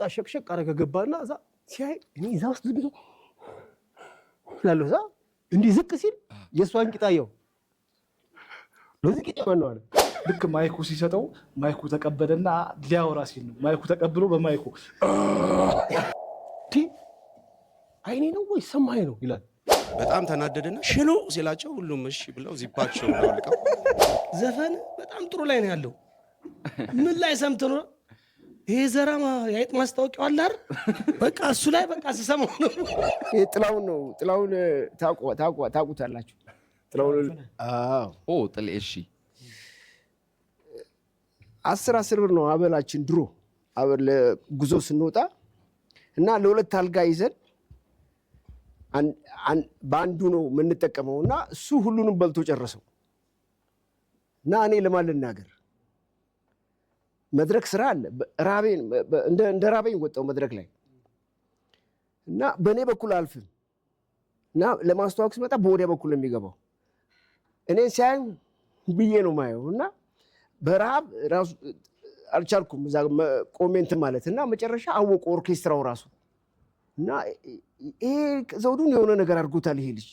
ወጣ ሸቅሸቅ አረገ ገባና እዛ ሲያይ እኔ እዛ ውስጥ ዝም ብሎ ላለው እዛ እንዲህ ዝቅ ሲል የእሷን ቂጣ ቂጣየው ለዚህ ቂጣ ማን ነው አለ። ልክ ማይኩ ሲሰጠው ማይኩ ተቀበለና ሊያወራ ሲል ነው ማይኩ ተቀብሎ በማይኩ አይኔ ነው ወይ ሰማይ ነው ይላል። በጣም ተናደደና ሽኖ ሲላቸው ሁሉም እሺ ብለው ዚባቸው አውልቀው ዘፈን በጣም ጥሩ ላይ ነው ያለው ምን ላይ ሰምት ነው ይሄ ዘራማ የአይጥ ማስታወቂያ አላር በቃ እሱ ላይ በቃ ስሰማው ነው። ጥላውን ነው። ጥላውን ታውቁታላችሁ? ጥላውን እሺ፣ አስር አስር ብር ነው አበላችን ድሮ ጉዞ ስንወጣ እና ለሁለት አልጋ ይዘን በአንዱ ነው የምንጠቀመው እና እሱ ሁሉንም በልቶ ጨረሰው እና እኔ ለማን ልናገር መድረክ ስራ አለ። እንደ ራበኝ ወጣው መድረክ ላይ እና በእኔ በኩል አልፍም እና ለማስተዋወቅ ሲመጣ በወዲያ በኩል ነው የሚገባው። እኔን ሲያይ ብዬ ነው ማየው እና በረሃብ ራሱ አልቻልኩም ቆሜ ማለት እና መጨረሻ አወቁ ኦርኬስትራው ራሱ እና ይሄ ዘውዱን የሆነ ነገር አድርጎታል ይሄ ልጅ።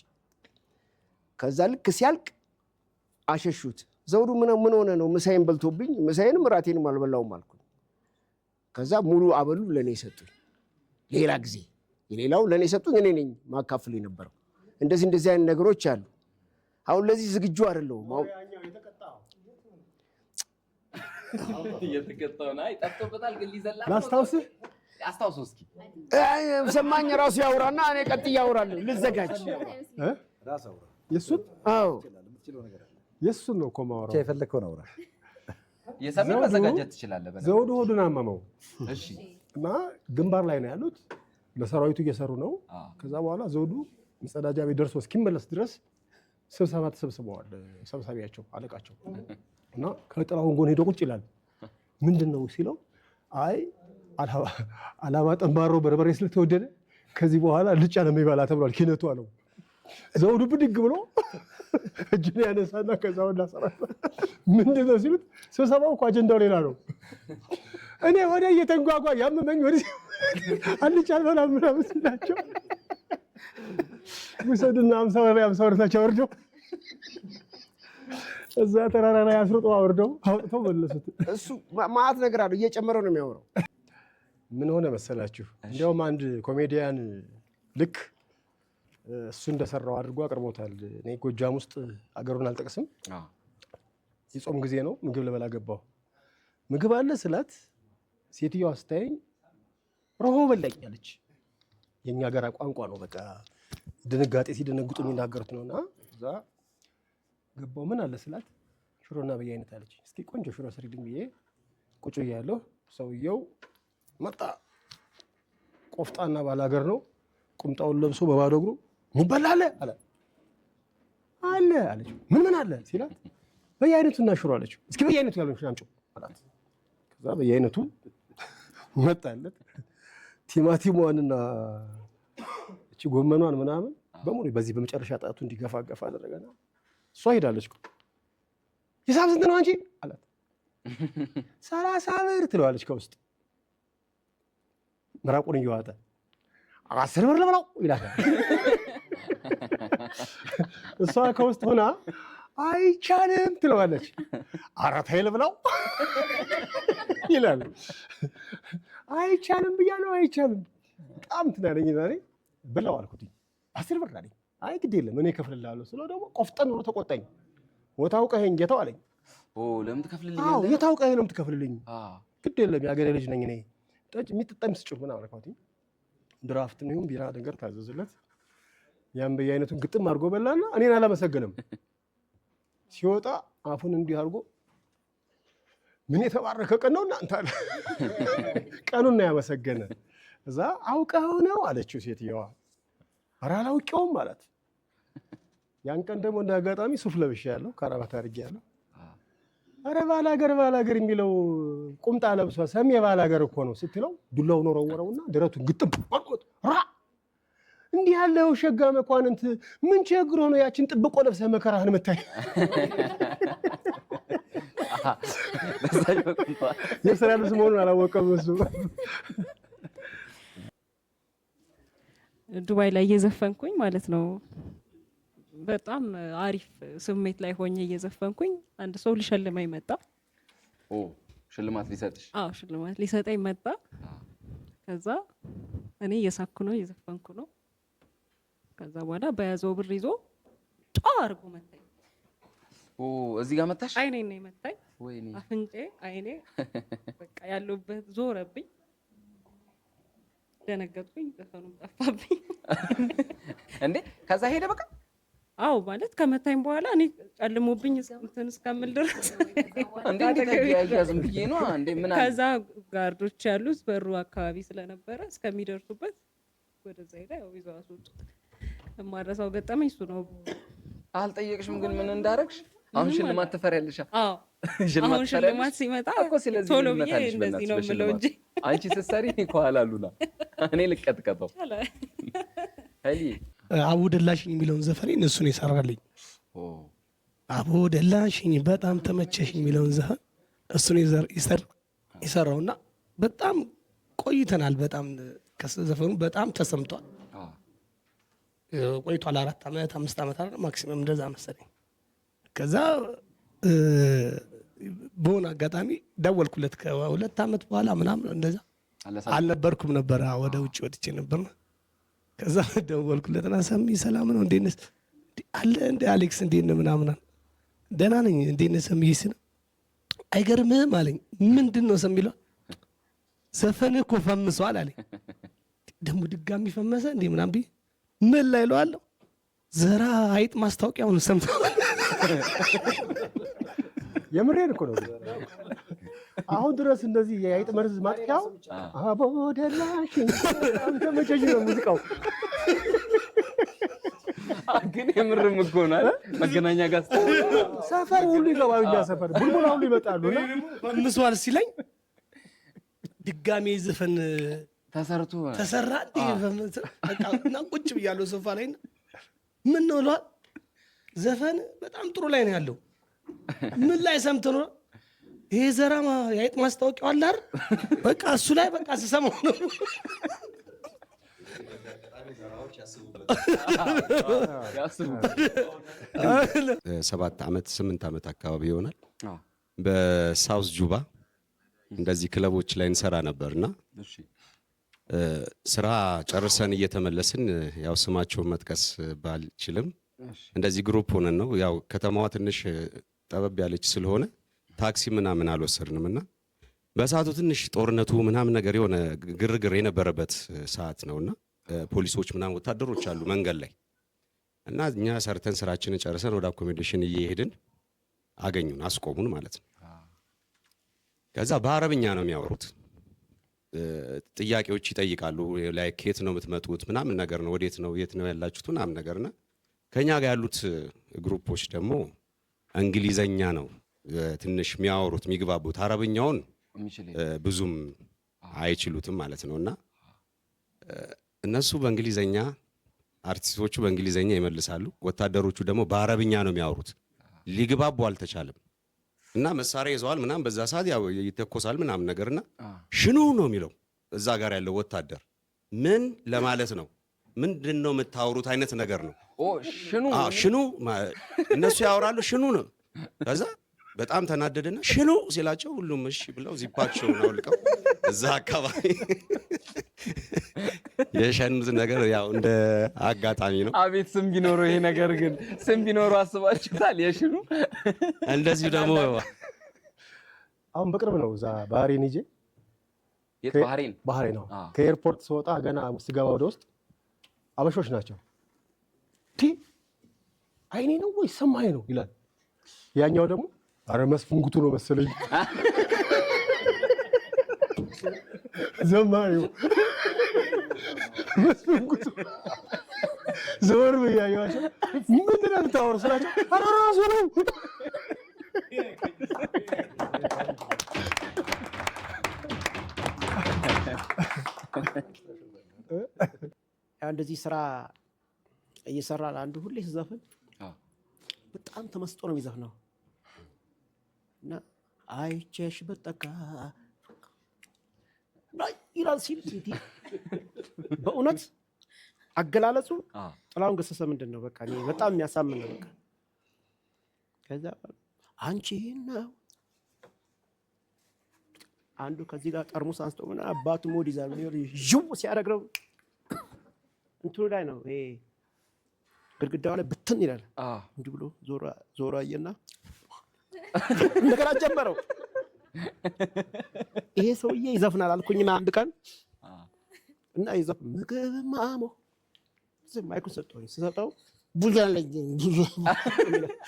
ከዛ ልክ ሲያልቅ አሸሹት። ዘውዱ ምን ሆነ ነው ምሳዬን በልቶብኝ፣ ምሳዬንም እራቴንም አልበላውም አልኩኝ። ከዛ ሙሉ አበሉ ለእኔ ሰጡኝ። ሌላ ጊዜ የሌላው ለእኔ ሰጡኝ። እኔ ነኝ ማካፍል የነበረው። እንደዚህ እንደዚህ አይነት ነገሮች አሉ። አሁን ለዚህ ዝግጁ አይደለሁም። ላስታውስህ አስታውሶ እስኪ ሰማኝ ራሱ ያውራና እኔ ቀጥዬ ያውራለሁ ልዘጋጅ የእሱን አዎ የእሱን ነው እኮ የማወራው። የፈለግከው ነው መዘጋጀት ትችላለህ። ዘውዱ ሆዱን አመመው እና ግንባር ላይ ነው ያሉት። ለሰራዊቱ እየሰሩ ነው። ከዛ በኋላ ዘውዱ መጸዳጃ ቤት ደርሶ እስኪመለስ ድረስ ስብሰባ ተሰብስበዋል። ሰብሳቢያቸው አለቃቸው እና ከጥላሁን ጎን ሄዶ ቁጭ ይላል። ምንድን ነው ሲለው፣ አይ አላማ ጠንባሮ በርበሬ ስለተወደደ ከዚህ በኋላ ልጫ ነው የሚበላ ተብሏል። ኪነቷ ነው ዘውዱ ብድግ ብሎ እጅን ያነሳና ከዛ ወዳ ሰራታ ምንድን ነው ሲሉት፣ ስብሰባው እኮ አጀንዳው ሌላ ነው። እኔ ወደ እየተንጓጓ ያመመኝ ወደ አልቻል አልበላ ምናምን ሲላቸው ውሰድና አምሳ ወር አምሳ ወር ታቸው ወርደው እዛ ተራራ ላይ አስርጦ አወርደው አውጥተው መለሱት። እሱ ማአት ነገር አለው እየጨመረው ነው የሚያወራው። ምን ሆነ መሰላችሁ? እንዲያውም አንድ ኮሜዲያን ልክ እሱ እንደሰራው አድርጎ አቅርቦታል። እኔ ጎጃም ውስጥ አገሩን አልጠቅስም፣ የጾም ጊዜ ነው። ምግብ ልበላ ገባሁ። ምግብ አለ ስላት ሴትዮዋ ስታየኝ ረሆ በላኝ አለች። የእኛ ሀገር ቋንቋ ነው፣ በቃ ድንጋጤ ሲደነግጡ የሚናገሩት ነው። እና እዛ ገባሁ። ምን አለ ስላት ሽሮና በየአይነት አለች። እስኪ ቆንጆ ሽሮ ስሪልኝ ብዬ ቁጭ እያለሁ ሰውየው መጣ። ቆፍጣና ባላገር ነው። ቁምጣውን ለብሶ በባዶ እግሩ ምን አለ አለ አለ አለችው። ምን ምን አለ ሲላት በየአይነቱ እና ሽሮ አለችው። እስኪ በየአይነቱ ያለውን ሽሮ አምጪው አላት። ከዛ በየአይነቱ መጣለት። ቲማቲሟንና እቺ ጎመኗን ምናምን በሙሉ በዚህ በመጨረሻ ጣቱ እንዲገፋ ገፋ አደረገና እሷ ሄዳለች። ሂሳብ ስንት ነው አንቺ አላት። ሰላሳ ብር ትለዋለች። ከውስጥ ምራቁን እየዋጠ አስር ብር ልብላው ይላታል። እሷ ከውስጥ ሆና አይቻልም ትለዋለች። አራት ኃይል ብለው ይላል። አይቻልም ብያለሁ አይቻልም። በጣም ትናለኝ ዛሬ ብለው አልኩት፣ አስር ብር አለኝ። አይ ግድ የለም እኔ እከፍልልሃለሁ ስለው ደግሞ ቆፍጠን ብሎ ተቆጣኝ። ወታውቀኸኝ ጌታው አለኝ። የታውቀኸኝ ነው የምትከፍልልኝ? ግድ የለም የአገሬ ልጅ ነኝ እኔ። ጠጅ የሚጠጣ ስጭ ምናምን አልኳትኝ። ድራፍትም ቢራ ነገር ታዘዝለት ያን በየአይነቱን ግጥም አድርጎ በላና እኔን አላመሰገንም። ሲወጣ አፉን እንዲህ አድርጎ ምን የተባረከ ቀን ነው እናንተ አለ። ቀኑን ያመሰገነ እዛ አውቀው ነው አለችው ሴትየዋ። ኧረ አላውቀውም ማለት ያን ቀን ደግሞ እንደ አጋጣሚ ሱፍ ለብሻ ያለው ከረባት አድርጌ ያለው አረ ባላገር ባላገር የሚለው ቁምጣ ለብሷ ሰሜ ባላገር እኮ ነው ስትለው ዱላውን ወረወረውና ደረቱን ግጥም ራ እንዲህ ያለው ሸጋ መኳንንት ምን ቸግሮ ነው ያችን ጥብቆ ለብሰ መከራህን የምታይ? የስራ ልብስ መሆኑን አላወቀም እሱ። ዱባይ ላይ እየዘፈንኩኝ ማለት ነው በጣም አሪፍ ስሜት ላይ ሆኜ እየዘፈንኩኝ አንድ ሰው ሊሸልመኝ መጣ። ሽልማት ሊሰጥሽ? አዎ ሽልማት ሊሰጠኝ መጣ። ከዛ እኔ እየሳኩ ነው እየዘፈንኩ ነው ከዛ በኋላ በያዘው ብር ይዞ ጫ አርጎ መታኝ። እዚህ ጋር መታሽ? አይኔ ነው መታኝ። ወይኔ አፍንጬ፣ አይኔ በቃ ያለሁበት ዞረብኝ። ደነገጥኩኝ። ዘፈኑም ጠፋብኝ። እንዴ ከዛ ሄደ በቃ አው ማለት ከመታኝ በኋላ እኔ ጨልሞብኝ እንትን እስከምል ድረስ ብዬ ነው። ከዛ ጋርዶች ያሉት በሩ አካባቢ ስለነበረ እስከሚደርሱበት ወደዛ ሄዳ ያው ይዘው አስወጡት። የማረሳው ገጠመኝ እሱ ነው። አልጠየቅሽም ግን ምን እንዳረግሽ? አሁን ሽልማት ትፈሪያለሽ። አሁን ሽልማት ሲመጣ ቶሎ ብዬ እንደዚህ ነው የምለው እንጂ አንቺ ስትሰሪ ከኋላ ሉና እኔ ልቀጥቀጠው። አቡ ደላሽኝ የሚለውን ዘፈኔን እሱን የሰራልኝ አቡ ደላሽኝ በጣም ተመቸሽኝ የሚለውን ዘፈን እሱን የሰራውና በጣም ቆይተናል። በጣም ዘፈኑ በጣም ተሰምቷል። ቆይቷል። አራት ዓመት አምስት ዓመት አ ማክሲመም እንደዛ መሰለኝ። ከዛ በሆነ አጋጣሚ ደወልኩለት ከሁለት ዓመት በኋላ ምናምን እንደዛ አልነበርኩም ነበረ ወደ ውጭ ወጥቼ ነበር። ከዛ ደወልኩለትና ሰሚ ሰላም ነው እንዴት ነህ አለ እንደ አሌክስ እንዴት ነህ ምናምን ደህና ነኝ እንዴት ነህ ሰሚዬ ስል አይገርምህም አለኝ። ምንድን ነው ሰሚ ይለዋል ዘፈንህ እኮ ፈምሷል አለኝ። ደግሞ ድጋሚ ፈመሰ እንዴ ምናምን ብዬ ምን ላይ ለዋለሁ ዘራ አይጥ ማስታወቂያውን ሰምተዋል። የምሬን እኮ ነው። አሁን ድረስ እንደዚህ የአይጥ መርዝ ማጥፊያው አቦደላሽ ተመቸኝ ነው ሙዚቃው። ግን የምርም እኮ ናል መገናኛ ጋር ሰፈር ሁሉ ይገባሉ። እኛ ሰፈር ቡልቡላ ሁሉ ይመጣሉ። ምስዋል ሲለኝ ድጋሜ ዘፈን ተሰርቶ ተሰራ እና ቁጭ ብያለሁ ሶፋ ላይ። ምን ነው ዘፈን በጣም ጥሩ ላይ ነው ያለው። ምን ላይ ሰምተህ ነው? ይሄ ዘራ የአይጥ ማስታወቂያው አላር በቃ እሱ ላይ በቃ ስሰማው ነው ሰባት ዓመት ስምንት ዓመት አካባቢ ይሆናል። በሳውዝ ጁባ እንደዚህ ክለቦች ላይ እንሰራ ነበርና ስራ ጨርሰን እየተመለስን ያው ስማቸውን መጥቀስ ባልችልም እንደዚህ ግሩፕ ሆነን ነው። ያው ከተማዋ ትንሽ ጠበብ ያለች ስለሆነ ታክሲ ምናምን አልወሰድንም እና በሰዓቱ ትንሽ ጦርነቱ ምናምን ነገር የሆነ ግርግር የነበረበት ሰዓት ነው ና ፖሊሶች ምናምን ወታደሮች አሉ መንገድ ላይ እና እኛ ሰርተን ስራችንን ጨርሰን ወደ አኮሜዴሽን እየሄድን አገኙን፣ አስቆሙን ማለት ነው። ከዛ በአረብኛ ነው የሚያወሩት ጥያቄዎች ይጠይቃሉ። ላይ ነው የምትመጡት? ምናምን ነገር ነው። ወዴት ነው የት ነው ያላችሁት? ምናምን ነገር ነ ከእኛ ጋር ያሉት ግሩፖች ደግሞ እንግሊዘኛ ነው ትንሽ የሚያወሩት የሚግባቡት፣ አረብኛውን ብዙም አይችሉትም ማለት ነው። እና እነሱ በእንግሊዘኛ አርቲስቶቹ በእንግሊዘኛ ይመልሳሉ፣ ወታደሮቹ ደግሞ በአረብኛ ነው የሚያወሩት። ሊግባቡ አልተቻለም። እና መሳሪያ ይዘዋል ምናምን በዛ ሰዓት ያው ይተኮሳል ምናም ነገርና ሽኑ ነው የሚለው እዛ ጋር ያለው ወታደር ምን ለማለት ነው? ምንድን ነው የምታወሩት አይነት ነገር ነው። ሽኑ ሽኑ እነሱ ያወራሉ። ሽኑ ነው ከዛ በጣም ተናደደና ሽኖ ሲላቸው ሁሉም እሺ ብለው ዚባቸውን አውልቀው እዛ አካባቢ የሸኑት ነገር ያው እንደ አጋጣሚ ነው። አቤት ስም ቢኖሩ ይሄ ነገር ግን ስም ቢኖሩ አስባችሁታል? የሽኑ እንደዚሁ ደግሞ አሁን በቅርብ ነው እዛ ባህሬን ይዤ ባህሬን ባህሬ ነው። ከኤርፖርት ስወጣ ገና ስገባ ወደ ውስጥ አበሾች ናቸው። አይኔ ነው ወይ ሰማይ ነው ይላል ያኛው ደግሞ አረ መስፍንጉቱ ነው መሰለኝ ዘማሪው መስፍንጉቱ ዘወር ብያየዋቸው ምንድን ነው የምታወሩ ስላቸው አረ ራሱ ነው እንደዚህ ስራ እየሰራ ለአንዱ ሁሌ ስዘፍን በጣም ተመስጦ ነው የሚዘፍነው አይቼሽ በጠጋ ይላል ሲል በእውነት አገላለጹ ጥላሁን ገሰሰ ምንድን ነው በቃ በጣም የሚያሳምን ነው። በቃ ከዛ አንቺ ነው አንዱ ከዚህ ጋር ጠርሙስ አንስቶ ምን አባቱ ሞድ ይዛል ዥው ሲያደርግ ነው እንትኑ ላይ ነው ግድግዳው ላይ ብትን ይላል። እንዲህ ብሎ ዞራ አየና እንደገና ጀመረው። ይሄ ሰውዬ ይዘፍናል አልኩኝና አንድ ቀን እና ይዘፍ ምግብ ማሞ ማይኩን ሰጠኝ። ስሰጠው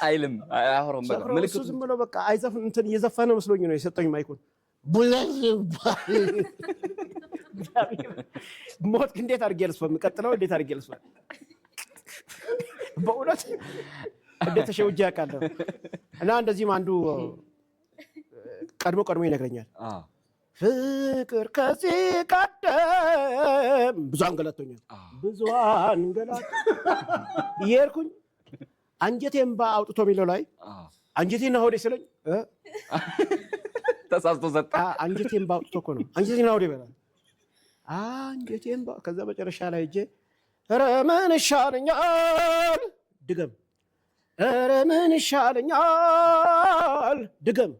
አይልም አሁን ምልክቱ ዝም ብሎ በቃ አይዘፍን እንትን እየዘፈነ መስሎኝ ነው የሰጠኝ ማይኩን። ቡዘን ሞት እንዴት አድርጌ ልስፈም? ቀጥለው እንዴት አድርጌ ልስፈም? በእውነት እንዴት ተሸውጄ አውቃለሁ። እና እንደዚህም አንዱ ቀድሞ ቀድሞ ይነግረኛል። ፍቅር ከዚህ ቀደም ብዙ አንገላቶኛል፣ ብዙ አንገላት የርኩኝ አንጀቴን ባ አውጥቶ የሚለው ላይ አንጀቴና ሆዴ ስለኝ ተሳስቶ ሰጠ። አንጀቴን ባ አውጥቶ እኮ ነው አንጀቴና ሆዴ ይበላል። አንጀቴን ከዛ መጨረሻ ላይ እጄ ኧረ ይሻለኛል ድገም ኧረ ምን ይሻለኛል? ድገም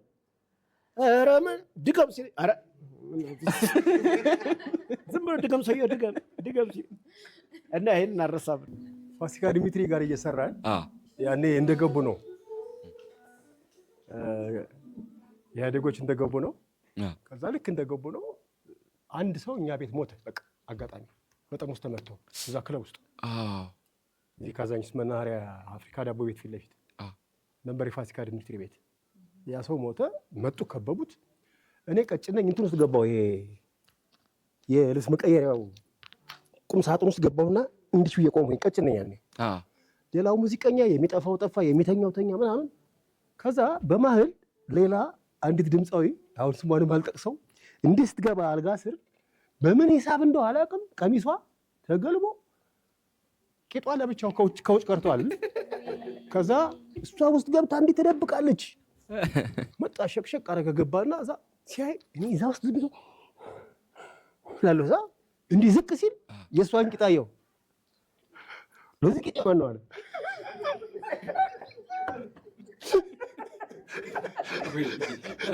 ኧረ ምን ድገም ሲል ኧረ ዝም ብሎ ድገም ሰውዬው ድገም ድገም ሲል እና ይህን እናረሳብ ፋሲካ ዲሚትሪ ጋር እየሰራን ያኔ እንደገቡ ነው ኢህአዴጎች እንደገቡ ነው። ከዛ ልክ እንደገቡ ነው አንድ ሰው እኛ ቤት ሞተ። በቃ አጋጣሚ በጠርሙስ ተመትቶ እዛ ክለብ ውስጥ እዚህ ካዛንቺስ መናኸሪያ አፍሪካ ዳቦ ቤት ፊት ለፊት ነበር የፋሲካ ድምትሪ ቤት። ያ ሰው ሞተ። መጡ፣ ከበቡት። እኔ ቀጭነኝ ነኝ እንትን ውስጥ ገባሁ፣ ይሄ የልብስ መቀየሪያው ቁም ሳጥን ውስጥ ገባሁና እንዲህ ብዬ ቆምኩኝ። ቀጭን ሌላው ሙዚቀኛ የሚጠፋው ጠፋ፣ የሚተኛው ተኛ ምናምን። ከዛ በማህል ሌላ አንዲት ድምፃዊ አሁን ስሟንም አልጠቅሰው እንዲህ ስትገባ አልጋ ስር በምን ሂሳብ እንደው አላውቅም ቀሚሷ ተገልቦ ቂጧ ለብቻው ከውጭ ቀርቷል። ከዛ እሷ ውስጥ ገብታ እንዲህ ተደብቃለች። መጣ ሸቅሸቅ አረገ ገባና እዛ ሲያይ እኔ እዛ ውስጥ ዝም ብሎ ላለው እዛ እንዲህ ዝቅ ሲል የእሷን ቂጣየው ለዚህ ቂጣ ማን ነው አለ።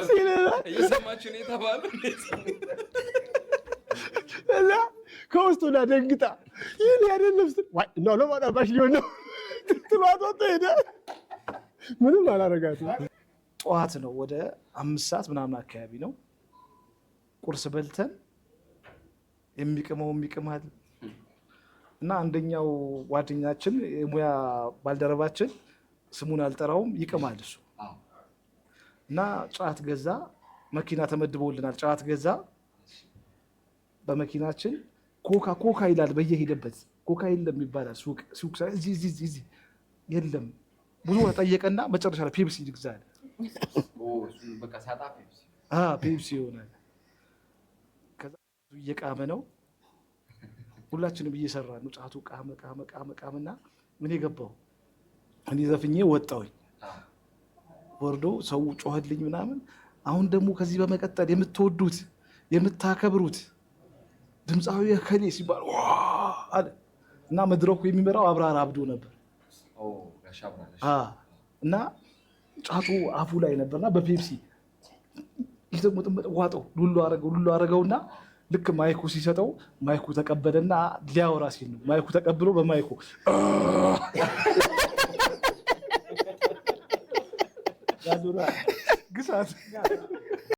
ሲለላ እየሰማችሁ ነው የተባለው ከውስጡ ሆና ደንግጣ ይህ ሊያደለም እንደው እናው ለማዳባሽ ሊሆን ነው ትሏት ወጥቶ ሄደ። ምንም አላረጋት። ጠዋት ነው ወደ አምስት ሰዓት ምናምን አካባቢ ነው ቁርስ በልተን የሚቅመው የሚቅማል እና አንደኛው ጓደኛችን የሙያ ባልደረባችን ስሙን አልጠራውም ይቅማል እሱ እና ጫት ገዛ። መኪና ተመድቦልናል። ጫት ገዛ በመኪናችን ኮካ ኮካ ይላል በየሄደበት ኮካ የለም ይባላል። ሱቅ ሱቅ እዚህ የለም ብዙ ጠየቀና መጨረሻ ላይ ፔፕሲ ይግዛል። ፔፕሲ ይሆናል። ከዛ እየቃመ ነው ሁላችንም እየሰራ ነው። ጫቱ ቃመ ቃመ ቃመ ቃመና ምን የገባው እኔ ዘፍኜ ወጣሁኝ። ወርዶ ሰው ጮኸልኝ ምናምን። አሁን ደግሞ ከዚህ በመቀጠል የምትወዱት የምታከብሩት ድምፃዊ ከሌ ሲባል አለ እና መድረኩ የሚመራው አብራር አብዶ ነበር እና ጫቱ አፉ ላይ ነበርና በፔፕሲ ይዘሙጥምጥ ዋጠው ሉሉ አረገው ሉሉ አረገውና ልክ ማይኩ ሲሰጠው ማይኩ ተቀበለና ሊያወራ ሲል ነው ማይኩ ተቀብሎ በማይኩ ግሳት